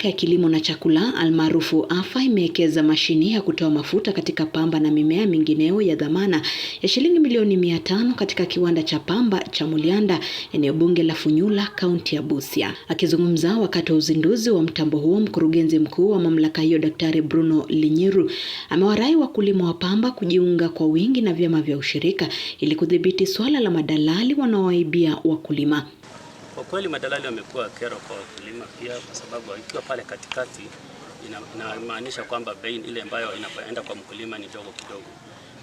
Mamlaka ya Kilimo na Chakula almaarufu AFA imewekeza mashini ya kutoa mafuta katika pamba na mimea mingineo ya dhamana ya shilingi milioni mia tano katika kiwanda cha pamba cha Mulianda, eneo bunge la Funyula, kaunti ya Busia. Akizungumza wakati wa uzinduzi wa mtambo huo, mkurugenzi mkuu wa mamlaka hiyo Daktari Bruno Linyiru amewarai wakulima wa pamba kujiunga kwa wingi na vyama vya ushirika ili kudhibiti swala la madalali wanaowaibia wakulima. Kwa kweli madalali wamekuwa kero kwa wakulima pia, kwa sababu ikiwa pale katikati inamaanisha kwamba bei ile ambayo inaenda kwa mkulima ni ndogo kidogo,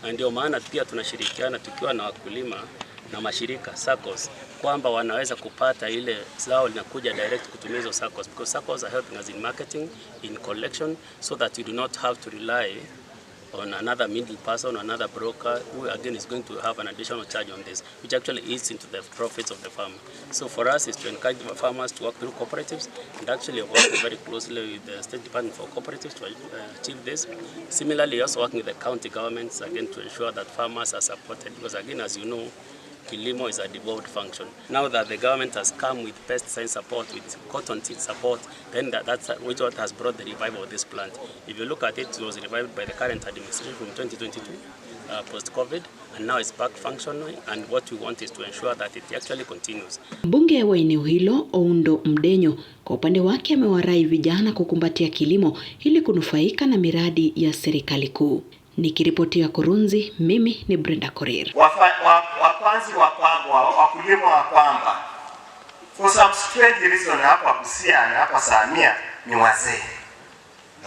na ndio maana pia tunashirikiana tukiwa na wakulima na mashirika SACCOS kwamba wanaweza kupata ile zao linakuja direct kutumia hizo SACCOS because SACCOS are helping us in marketing in collection so that you do not have to rely on another middle person, another broker, who again is going to have an additional charge on this, which actually eats into the profits of the farmer. So for us is to encourage the farmers to work through cooperatives and actually work very closely with the State Department for Cooperatives to uh, achieve this. Similarly, also working with the county governments again to ensure that farmers are supported because again, as you know, kilimo is a devolved function. Now that the government has come with pesticide support, with cotton seed support, then that, that's which what has brought the revival of this plant. If you look at it, it was revived by the current administration from 2022, uh, post-COVID, and now it's back functioning, and what we want is to ensure that it actually continues. Mbunge wa eneo hilo Oundo Mdenyo kwa upande wake amewarai vijana kukumbatia kilimo ili kunufaika na miradi ya serikali kuu. Nikiripotia Kurunzi, mimi ni Brenda Korir. Wapanzi wa pamba, wakulima wa kwamba for some strange hapa Busia na hapa Samia ni wazee.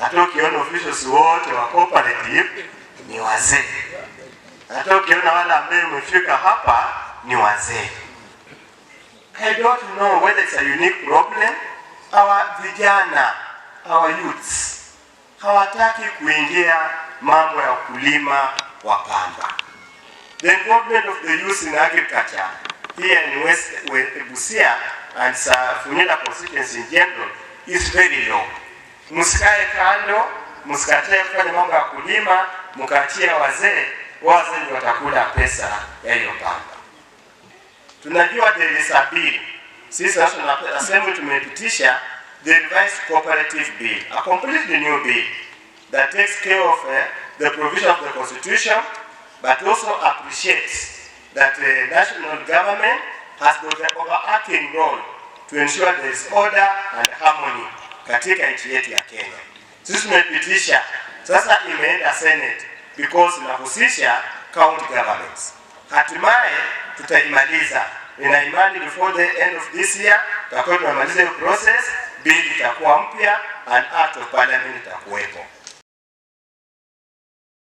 Hata ukiona officials wote wa cooperative ni wazee. Hata ukiona wale ambao umefika hapa ni wazee. I don't know whether it's a unique problem. Our vijana, our youths hawataki kuingia mambo ya ukulima wa pamba. The involvement of the youth in agriculture here in West Busia and Safuniya constituency in general is very low. Msikae kando, msikatae kufanya mambo ya kulima, mkatia wazee, wazee ndio watakula pesa ya hiyo pamba. Tunajua there is a bill. Sisi National Assembly tumepitisha the revised cooperative bill, a completely new bill that takes care of uh, the provision of the constitution but also appreciates that the national government has got the overarching role to ensure there is order and harmony katika nchi yetu ya Kenya. Sisi tumepitisha sasa, imeenda Senate because inahusisha county governments. Hatimaye tutaimaliza, nina imani before the end of this year tutakuwa tunamaliza hiyo process, bill itakuwa mpya and act of parliament itakuwepo.